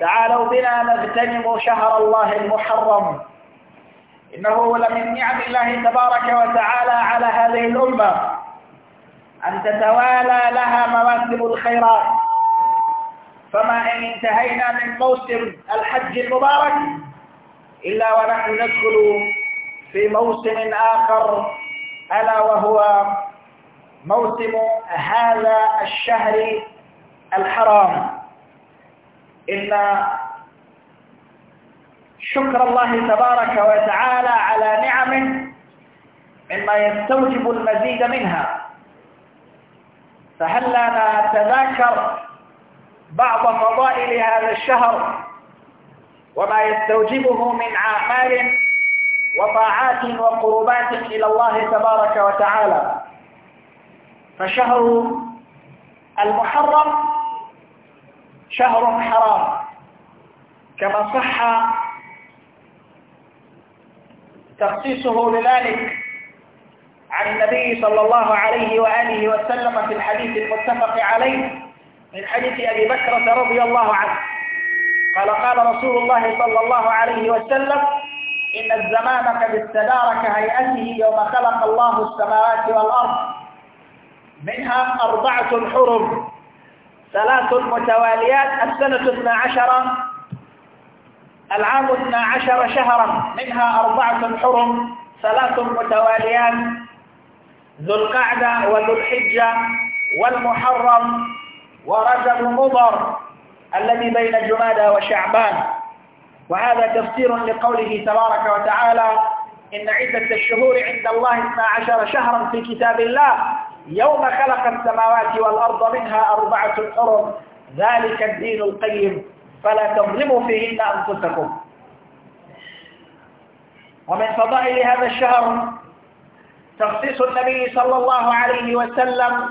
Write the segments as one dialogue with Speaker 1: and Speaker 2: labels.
Speaker 1: تعالوا بنا نغتنم شهر الله المحرم إنه لمن نعم الله تبارك وتعالى على هذه الأمة أن تتوالى لها مواسم الخيرات فما إن انتهينا من موسم الحج المبارك إلا ونحن ندخل في موسم آخر ألا وهو موسم هذا الشهر الحرام إن شكر الله تبارك وتعالى على نعمه مما يستوجب المزيد منها فهل لنا نتذاكر بعض فضائل هذا الشهر وما يستوجبه من أعمال وطاعات وقربات إلى الله تبارك وتعالى فشهر المحرم شهر حرام كما صح تخصيصه لذلك عن النبي صلى الله عليه وآله وسلم في الحديث المتفق عليه من حديث أبي بكرة رضي الله عنه قال قال رسول الله صلى الله عليه وسلم إن الزمان قد استدار كهيئته يوم خلق الله السماوات والأرض منها أربعة حرم ثلاث متواليات السنة اثنا عشر العام اثنا عشر شهرا منها أربعة حرم ثلاث متواليات ذو القعدة وذو الحجة والمحرم ورجب مضر الذي بين جمادى وشعبان وهذا تفسير لقوله تبارك وتعالى إن عدة الشهور عند الله عشر شهرا في كتاب الله يوم خلق السماوات والأرض منها أربعة حرم ذلك الدين القيم فلا تظلموا فيهن أنفسكم ومن فضائل هذا الشهر تخصيص النبي صلى الله عليه وسلم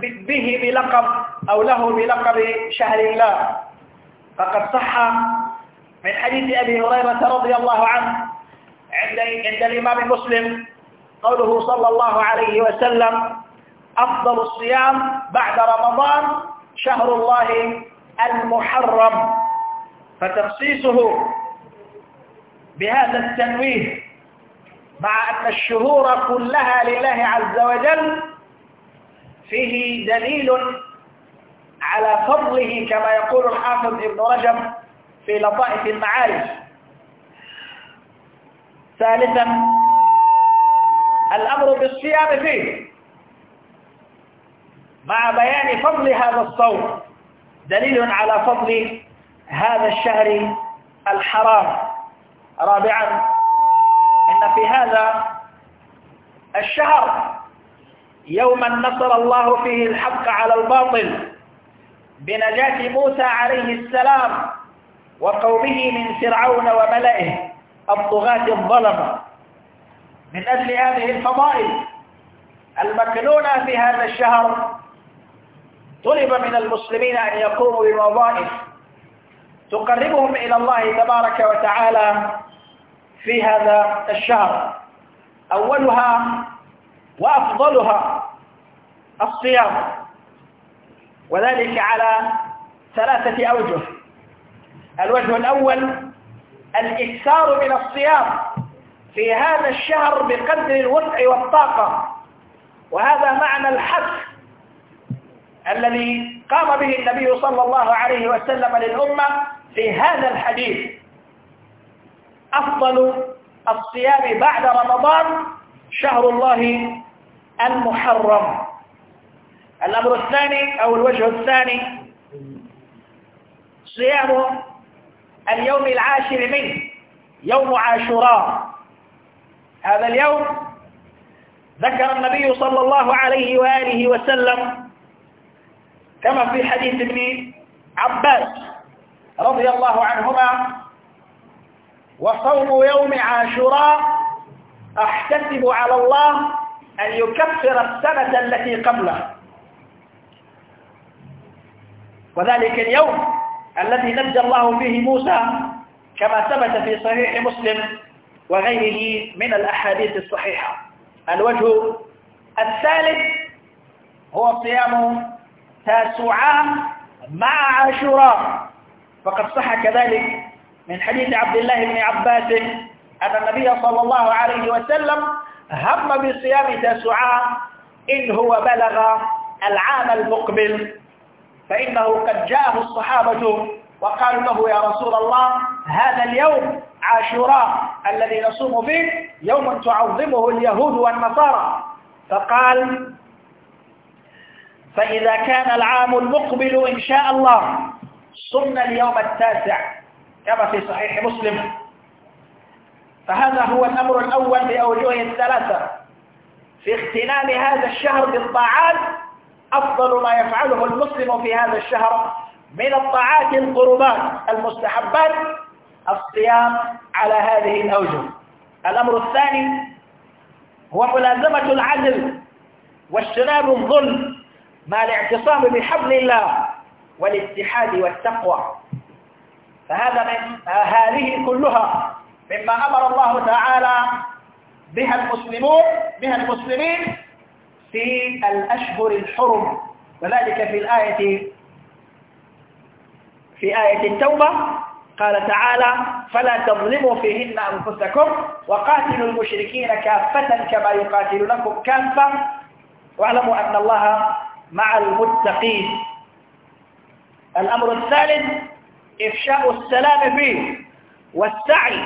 Speaker 1: به بلقب أو له بلقب شهر الله فقد صح من حديث أبي هريرة رضي الله عنه عند عند الإمام مسلم قوله صلى الله عليه وسلم أفضل الصيام بعد رمضان شهر الله المحرم فتخصيصه بهذا التنويه مع أن الشهور كلها لله عز وجل فيه دليل على فضله كما يقول الحافظ ابن رجب في لطائف المعارف ثالثا الأمر بالصيام فيه مع بيان فضل هذا الصوم دليل على فضل هذا الشهر الحرام رابعا إن في هذا الشهر يوما نصر الله فيه الحق على الباطل بنجاة موسى عليه السلام وقومه من فرعون وملئه الطغاة الظلمة من أجل هذه الفضائل المكنونة في هذا الشهر طلب من المسلمين أن يقوموا بوظائف تقربهم إلى الله تبارك وتعالى في هذا الشهر أولها وأفضلها الصيام وذلك على ثلاثة أوجه الوجه الأول الإكثار من الصيام في هذا الشهر بقدر الوسع والطاقة وهذا معنى الحق الذي قام به النبي صلى الله عليه وسلم للأمة في هذا الحديث أفضل الصيام بعد رمضان شهر الله المحرم الأمر الثاني أو الوجه الثاني صيام اليوم العاشر منه يوم عاشوراء هذا اليوم ذكر النبي صلى الله عليه وآله وسلم كما في حديث ابن عباس رضي الله عنهما وصوم يوم عاشوراء احتسب على الله أن يكفر السنة التي قبله وذلك اليوم الذي نجى الله فيه موسى كما ثبت في صحيح مسلم وغيره من الأحاديث الصحيحة الوجه الثالث هو صيام تاسعاء مع عاشوراء فقد صح كذلك من حديث عبد الله بن عباس أن النبي صلى الله عليه وسلم هم بصيام تاسعاء إن هو بلغ العام المقبل فإنه قد جاءه الصحابة وقالوا له يا رسول الله هذا اليوم عاشوراء الذي نصوم فيه يوم تعظمه اليهود والنصارى فقال فإذا كان العام المقبل إن شاء الله صمنا اليوم التاسع كما في صحيح مسلم فهذا هو الأمر الأول بأوجوه الثلاثة في اغتنام هذا الشهر بالطاعات أفضل ما يفعله المسلم في هذا الشهر من الطاعات القربات المستحبات الصيام على هذه الأوجه الأمر الثاني هو ملازمة العدل واجتناب الظلم مع الاعتصام بحبل الله والاتحاد والتقوى فهذا من هذه كلها مما أمر الله تعالى بها المسلمون بها المسلمين في الأشهر الحرم وذلك في الآية في آية التوبة قال تعالى فلا تظلموا فيهن أنفسكم وقاتلوا المشركين كافة كما يقاتلونكم كافة واعلموا أن الله مع المتقين الأمر الثالث إفشاء السلام فيه والسعي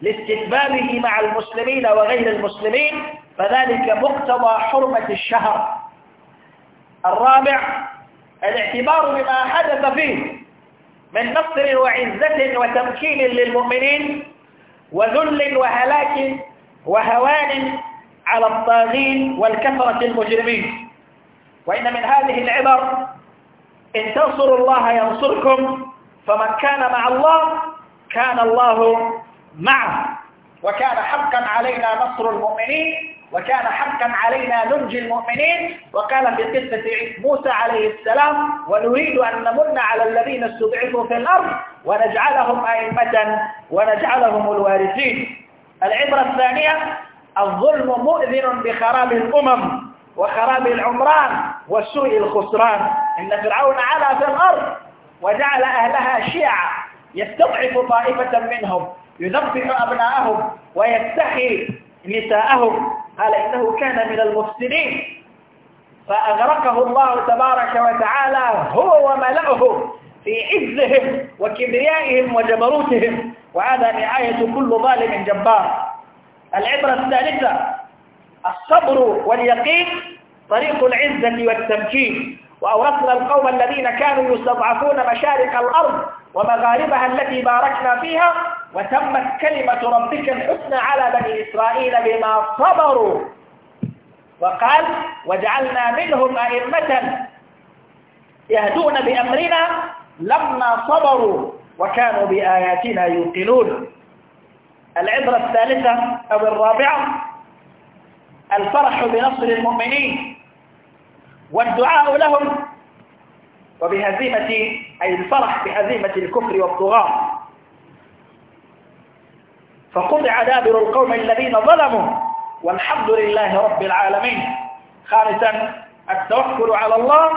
Speaker 1: لاستتبابه مع المسلمين وغير المسلمين فذلك مقتضى حرمة الشهر الرابع الاعتبار بما حدث فيه من نصر وعزة وتمكين للمؤمنين وذل وهلاك وهوان على الطاغين والكفرة المجرمين وإن من هذه العبر إن تنصروا الله ينصركم فمن كان مع الله كان الله معه وكان حقا علينا نصر المؤمنين وكان حقا علينا ننجي المؤمنين وقال في قصة موسى عليه السلام ونريد أن نمن على الذين استضعفوا في الأرض ونجعلهم أئمة ونجعلهم الوارثين العبرة الثانية الظلم مؤذن بخراب الأمم وخراب العمران وسوء الخسران إن فرعون علا في الأرض وجعل أهلها شيعا يستضعف طائفة منهم يذبح أبناءهم ويستحي نساءهم قال إنه كان من المفسدين فأغرقه الله تبارك وتعالى هو وملأه في عزهم وكبريائهم وجبروتهم وهذا نهاية كل ظالم جبار العبرة الثالثة الصبر واليقين طريق العزة والتمكين وأورثنا القوم الذين كانوا يستضعفون مشارق الأرض ومغاربها التي باركنا فيها وتمت كلمة ربك الحسنى على بني إسرائيل بما صبروا وقال وجعلنا منهم أئمة يهدون بأمرنا لما صبروا وكانوا بآياتنا يوقنون العبرة الثالثة أو الرابعة الفرح بنصر المؤمنين والدعاء لهم وبهزيمة أي الفرح بهزيمة الكفر والطغاة فقطع دابر القوم الذين ظلموا والحمد لله رب العالمين خامسا التوكل على الله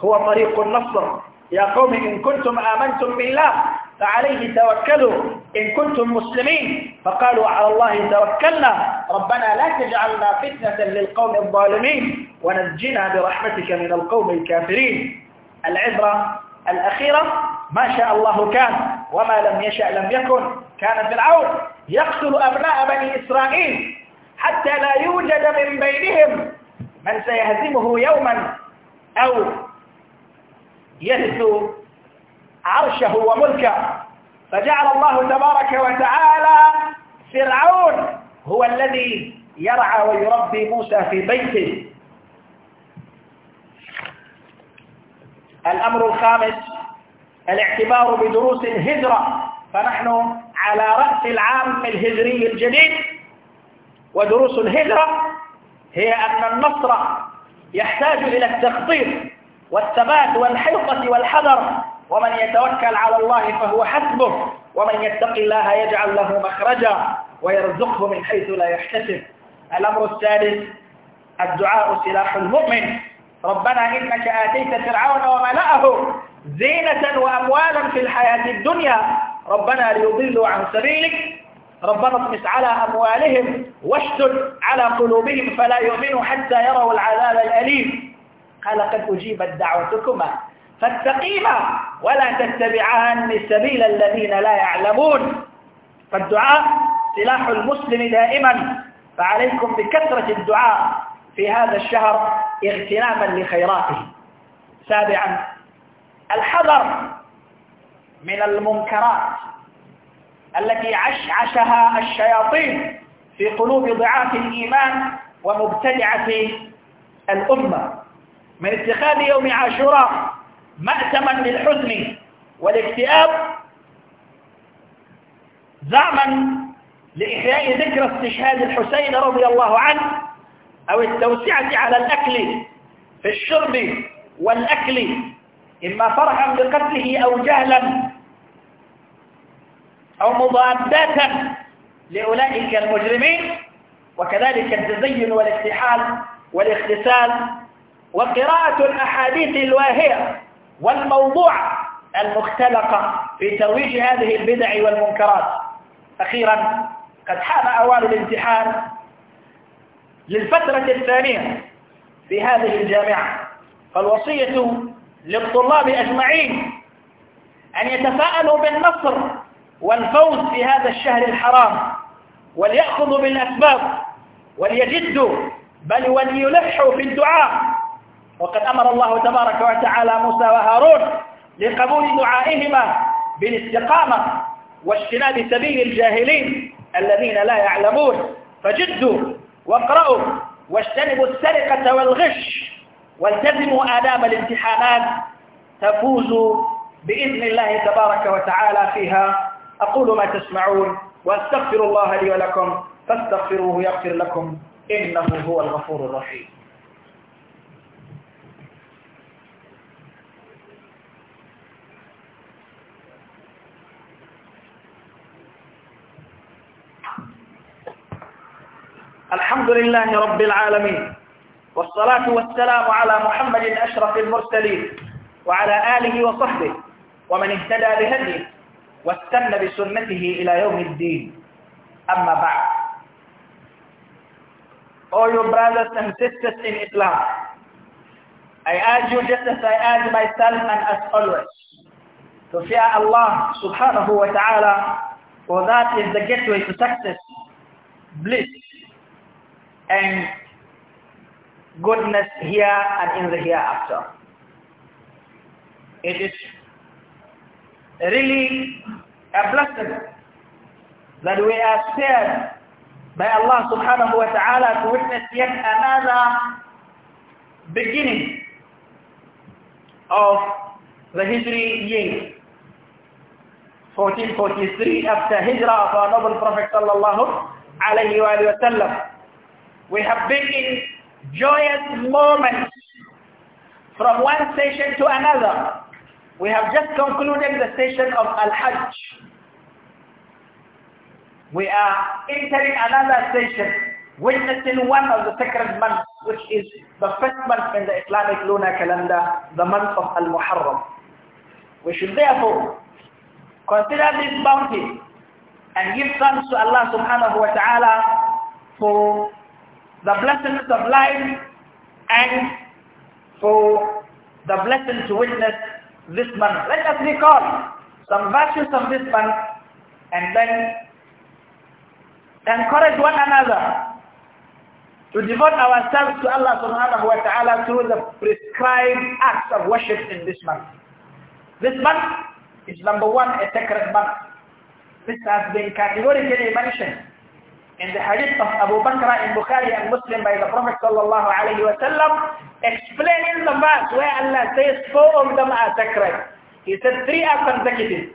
Speaker 1: هو طريق النصر يا قوم إن كنتم آمنتم بالله فعليه توكلوا إن كنتم مسلمين فقالوا على الله توكلنا ربنا لا تجعلنا فتنة للقوم الظالمين ونجنا برحمتك من القوم الكافرين العبرة الأخيرة ما شاء الله كان وما لم يشأ لم يكن كان فرعون يقتل أبناء بني إسرائيل حتى لا يوجد من بينهم من سيهزمه يوما أو يهزو عرشه وملكه فجعل الله تبارك وتعالى فرعون هو الذي يرعى ويربي موسى في بيته الأمر الخامس الاعتبار بدروس الهجرة فنحن على رأس العام الهجري الجديد ودروس الهجرة هي أن النصر يحتاج إلى التخطيط والثبات والحيطة والحذر ومن يتوكل على الله فهو حسبه ومن يتق الله يجعل له مخرجا ويرزقه من حيث لا يحتسب الأمر الثالث الدعاء سلاح المؤمن ربنا إنك آتيت فرعون وملأه زينة وأموالا في الحياة الدنيا ربنا ليضلوا عن سبيلك ربنا اطمس على أموالهم واشتد على قلوبهم فلا يؤمنوا حتى يروا العذاب الأليم قال قد أجيبت دعوتكما فاتقيما ولا تتبعان سبيل الذين لا يعلمون فالدعاء سلاح المسلم دائما فعليكم بكثرة الدعاء في هذا الشهر اغتناما لخيراته سابعا الحذر من المنكرات التي عشعشها الشياطين في قلوب ضعاف الإيمان ومبتدعة الأمة من اتخاذ يوم عاشوراء مأتما للحزن والاكتئاب زعما لإحياء ذكرى استشهاد الحسين رضي الله عنه أو التوسعة على الأكل في الشرب والأكل إما فرحا بقتله أو جهلا أو مضادات لأولئك المجرمين وكذلك التزين والاستحال والاختسال وقراءة الأحاديث الواهية والموضوع المختلقة في ترويج هذه البدع والمنكرات أخيرا قد حان أوان الامتحان للفترة الثانية في هذه الجامعة فالوصية للطلاب أجمعين أن يتفاءلوا بالنصر والفوز في هذا الشهر الحرام وليأخذوا بالأسباب وليجدوا بل وليلحوا في الدعاء وقد أمر الله تبارك وتعالى موسى وهارون لقبول دعائهما بالاستقامة واجتناب سبيل الجاهلين الذين لا يعلمون فجدوا واقرأوا واجتنبوا السرقة والغش والتزموا آداب الامتحانات تفوزوا بإذن الله تبارك وتعالى فيها أقول ما تسمعون وأستغفر الله لي ولكم فاستغفروه يغفر لكم إنه هو الغفور الرحيم الحمد لله رب العالمين والصلاة والسلام على محمد أشرف المرسلين وعلى آله وصحبه ومن اهتدى بهديه واستنى بسنته إلى يوم الدين أما بعد All your brothers and sisters in Islam, I urge you just as I urge myself and as always to fear Allah subhanahu wa ta'ala for that is the gateway to success, bliss and goodness here and in the hereafter. It is really a blessing that we are spared by Allah subhanahu wa ta'ala to witness yet another beginning of the Hijri year 1443 after Hijrah of our noble Prophet sallallahu alayhi wa sallam we have been in joyous moments from one station to another we have just concluded the session of Al-Hajj. We are entering another session, witnessing one of the sacred months, which is the first month in the Islamic lunar calendar, the month of Al-Muharram. We should therefore consider this bounty and give thanks to Allah subhanahu wa ta'ala for the blessings of life and for the blessing to witness this month. Let us recall some virtues of this month and then encourage one another to devote ourselves to Allah subhanahu wa ta'ala through the prescribed acts of worship in this month. This month is number one, a sacred month. This has been categorically mentioned in the hadith of Abu Bakr in Bukhari and Muslim by the Prophet sallallahu alayhi wa sallam Explain the verse where Allah says four of them are sacred. He said three are consecutive.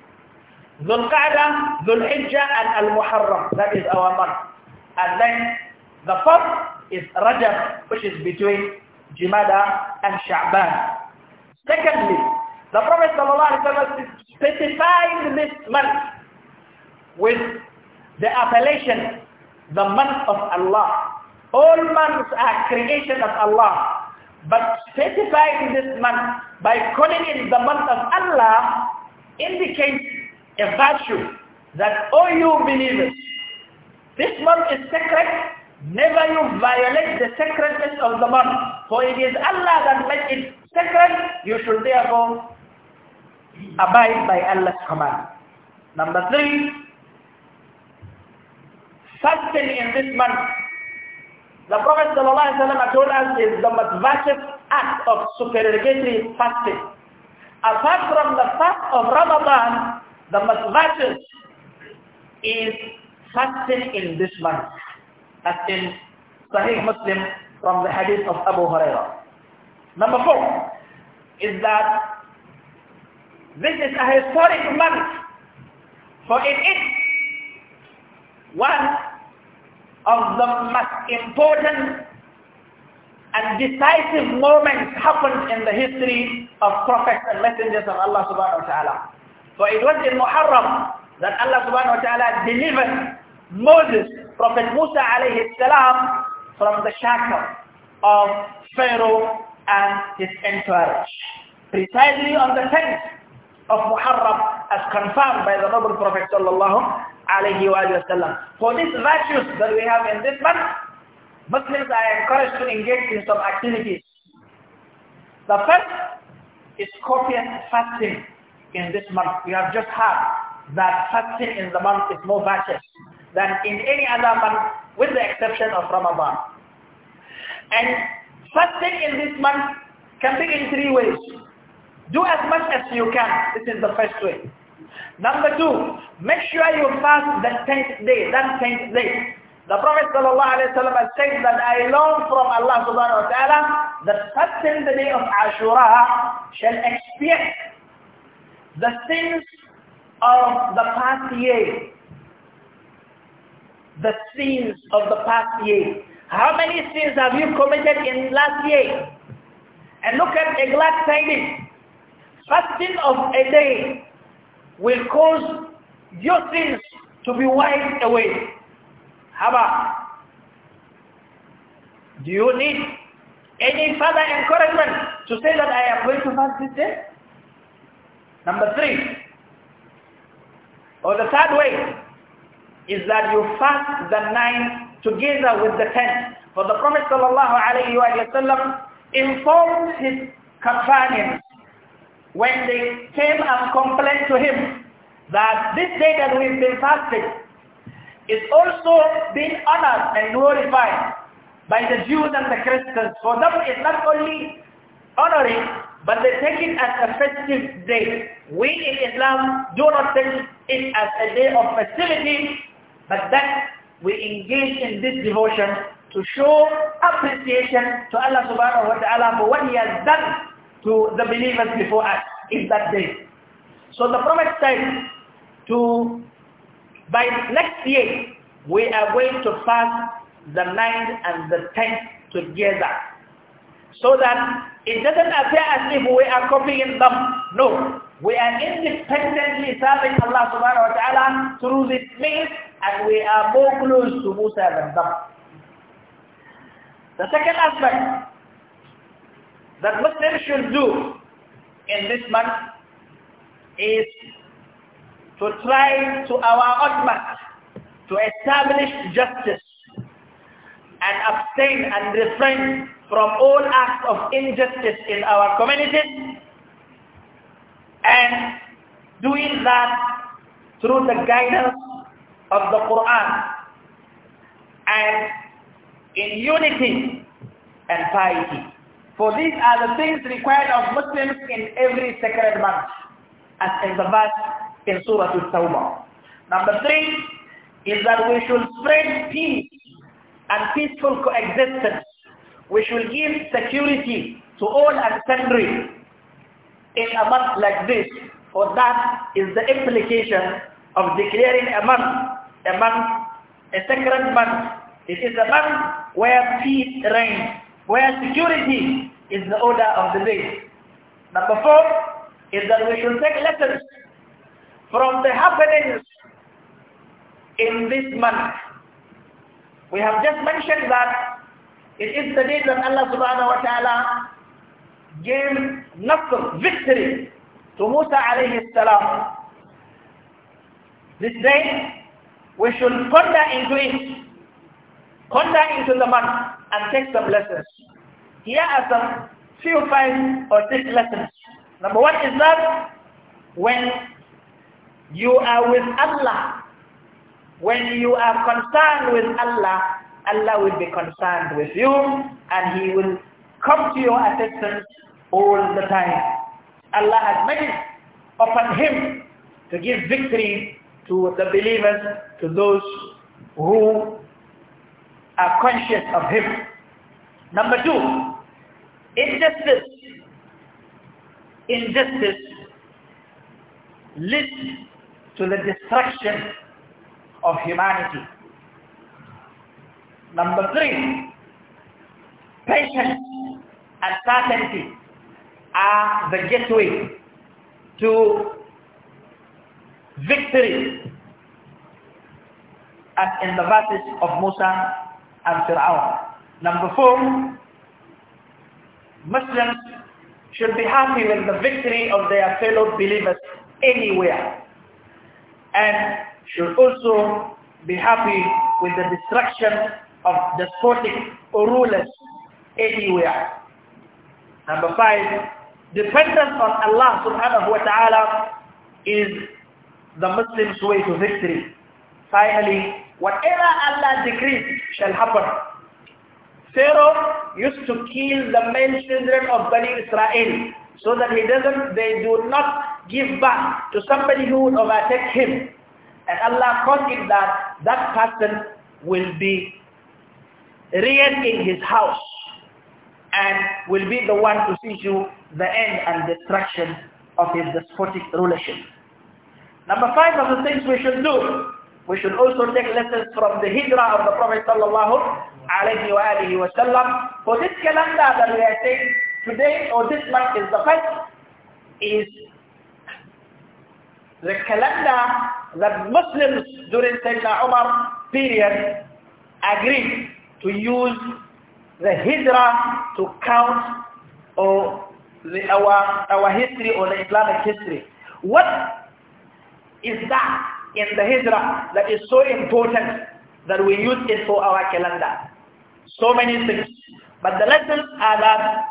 Speaker 1: Dhul Qa'dah, Dhul Hijjah and Al-Muharram. That is our month. And then the fourth is Rajab, which is between Jumada and Sha'ban. Secondly, the Prophet Allah specified this month with the appellation, the month of Allah. All months are creation of Allah. But specifying this month by calling it the month of Allah indicates a virtue that all you believers, this month is sacred, never you violate the sacredness of the month. For it is Allah that made it sacred, you should therefore abide by Allah's command. Number three, fasting in this month the Prophet ﷺ told us is the most virtuous act of supererogatory fasting. Apart from the fast of Ramadan, the most virtuous is fasting in this month. That's in Sahih Muslim from the hadith of Abu Huraira. Number four is that this is a historic month, for in it, one of the most important and decisive moments happened in the history of prophets and messengers of Allah subhanahu wa ta'ala. For it was in Muharram that Allah subhanahu wa ta'ala delivered Moses, Prophet Musa alayhi salam, from the shackle of Pharaoh and his entourage. Precisely on the 10th of Muharram as confirmed by the noble Prophet sallallahu alayhi wa sallam. For these virtues that we have in this month, Muslims are encouraged to engage in some activities. The first is copious fasting in this month. We have just heard that fasting in the month is more virtuous than in any other month with the exception of Ramadan. And fasting in this month can be in three ways. Do as much as you can. This is the first way. Number two, make sure you fast the tenth day, that tenth day. The Prophet ﷺ has said that I learn from Allah subhanahu wa ta'ala that fasting the day of Ashura shall expiate the sins of the past year. The sins of the past year. How many sins have you committed in last year? And look at a glad tidings. Fasting of a day will cause your sins to be wiped away. Haba, do you need any further encouragement to say that I am going to fast this day? Number three, or the third way, is that you fast the nine together with the ten. For the Prophet ﷺ informed his companions when they came and complained to him that this day that we've been fasting is also being honored and glorified by the Jews and the Christians. For them it's not only honoring, but they take it as a festive day. We in Islam do not take it as a day of festivity, but that we engage in this devotion to show appreciation to Allah subhanahu wa ta'ala for what he has done to the believers before us is that day. So the Prophet said to, by next year, we are going to fast the 9th and the 10th together. So that it doesn't appear as if we are copying them. No. We are independently serving Allah subhanahu wa ta'ala through this means and we are more close to Musa than them. The second aspect that Muslims should do in this month is to try to our utmost to establish justice and abstain and refrain from all acts of injustice in our communities and doing that through the guidance of the Quran and in unity and piety. For these are the things required of Muslims in every sacred month, as in the verse in Surah Al-Tawbah. Number three is that we should spread peace and peaceful coexistence. We should give security to all and sundry in a month like this, for that is the implication of declaring a month, a month, a sacred month. It is a month where peace reigns where security is the order of the day. Number four is that we should take lessons from the happenings in this month. We have just mentioned that it is the day that Allah subhanahu wa ta'ala gave Nasr, victory to Musa alayhi salam. This day, we should ponder into it, ponder into the month and take some lessons. Here are some few five or six lessons. Number one is that when you are with Allah, when you are concerned with Allah, Allah will be concerned with you and He will come to your assistance all the time. Allah has made it upon Him to give victory to the believers, to those who are conscious of him. Number two, injustice. Injustice leads to the destruction of humanity. Number three, patience and certainty are the gateway to victory as in the verses of Musa and Fir'aun. Number four, Muslims should be happy with the victory of their fellow believers anywhere and should also be happy with the destruction of despotic rulers anywhere. Number five, dependence on Allah subhanahu wa ta'ala is the Muslim's way to victory. Finally, whatever Allah decrees shall happen. Pharaoh used to kill the male children of Bani Israel so that he doesn't, they do not give back to somebody who would overtake him. And Allah caused that that person will be reared in his house and will be the one to see you the end and destruction of his despotic rulership. Number five of the things we should do we should also take lessons from the hijrah of the Prophet sallallahu alayhi wa alihi wa sallam. For this calendar that we are saying today or this month is the first is the calendar that Muslims during Sayyidina Umar period agreed to use the hijrah to count or the, our, our history or the Islamic history. What is that? in the hijrah that is so important that we use it for our calendar. So many things. But the lessons are that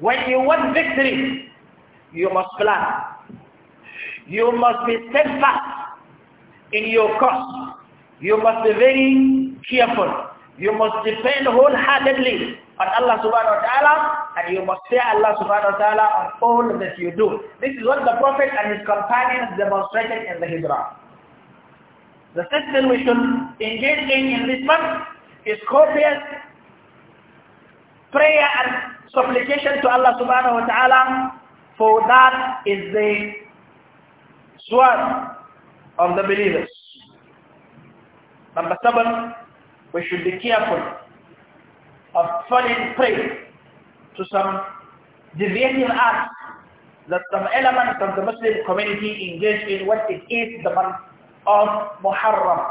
Speaker 1: when you want victory, you must plan. You must be steadfast in your cause. You must be very careful. You must depend wholeheartedly and Allah subhanahu wa ta'ala and you must fear Allah subhanahu wa ta'ala on all that you do. This is what the Prophet and his companions demonstrated in the Hijrah. The system we should engage in in this month is copious prayer and supplication to Allah subhanahu wa ta'ala for that is the sword of the believers. Number seven, we should be careful of falling prey to some deviating acts that some elements of the Muslim community engage in what it is the month of Muharram,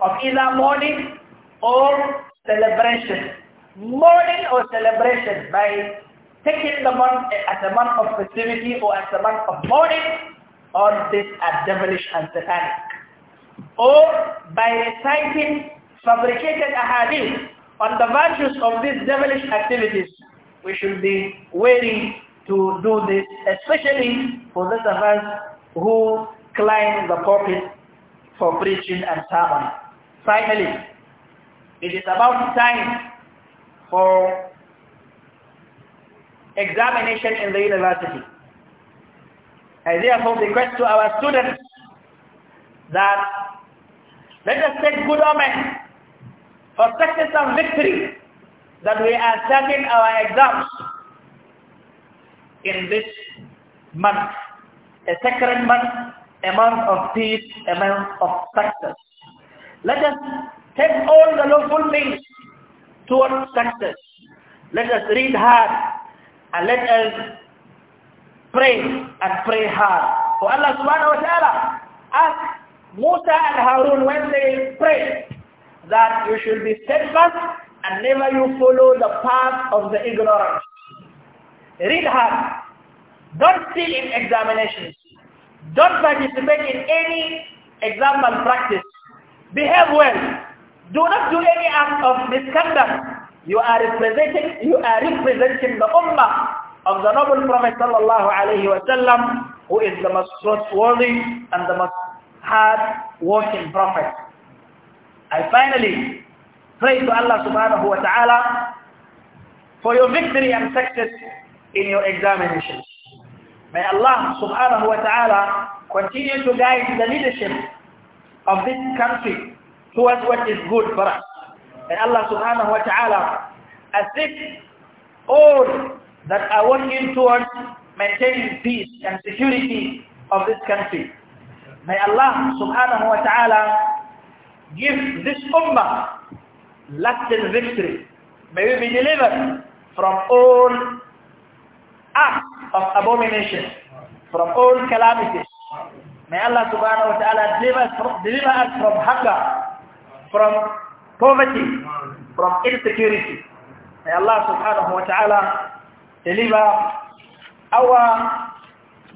Speaker 1: of either mourning or celebration. Mourning or celebration by taking the month as a month of festivity or as a month of mourning, all this are devilish and satanic. Or by reciting fabricated ahadith on the virtues of these devilish activities, we should be wary to do this, especially for those of us who climb the pulpit for preaching and sermon. Finally, it is about time for examination in the university. I therefore request to our students that let us take good omen for success and victory that we are starting our exams in this month, a sacred month, a month of peace, a month of success. Let us take all the lawful things towards success. Let us read hard and let us pray and pray hard. For Allah subhanahu wa ta'ala asked Musa and Harun when they prayed, that you should be steadfast and never you follow the path of the ignorant. Read hard. Don't steal in examinations. Don't participate in any exam malpractice. Behave well. Do not do any act of misconduct. You are representing, you are representing the ummah of the noble Prophet sallallahu alaihi wasallam, who is the most trustworthy and the most hard-working prophet. I finally pray to Allah subhanahu wa ta'ala for your victory and success in your examinations. May Allah subhanahu wa ta'ala continue to guide the leadership of this country towards what is good for us. May Allah subhanahu wa ta'ala assist all that are working towards maintaining peace and security of this country. May Allah subhanahu wa ta'ala give this ummah lasting victory. May we be delivered from all acts of abomination, from all calamities. May Allah subhanahu wa ta'ala deliver, deliver us from hunger, from poverty, from insecurity. May Allah subhanahu wa ta'ala deliver our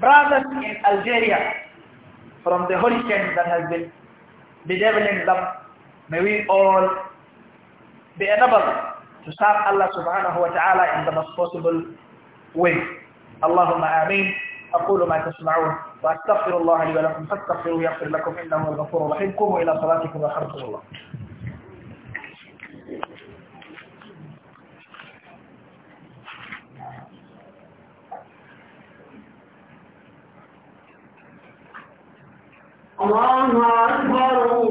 Speaker 1: brothers in Algeria from the hurricane that has been benevolent love. May we all be enabled to serve Allah subhanahu wa ta'ala in the most possible way. Allahumma ameen. أقول ما تسمعون وأستغفر الله لي ولكم فاستغفروه يغفر لكم إنه الغفور الرحيم قوموا إلى صلاتكم وخرجوا الله الله أكبر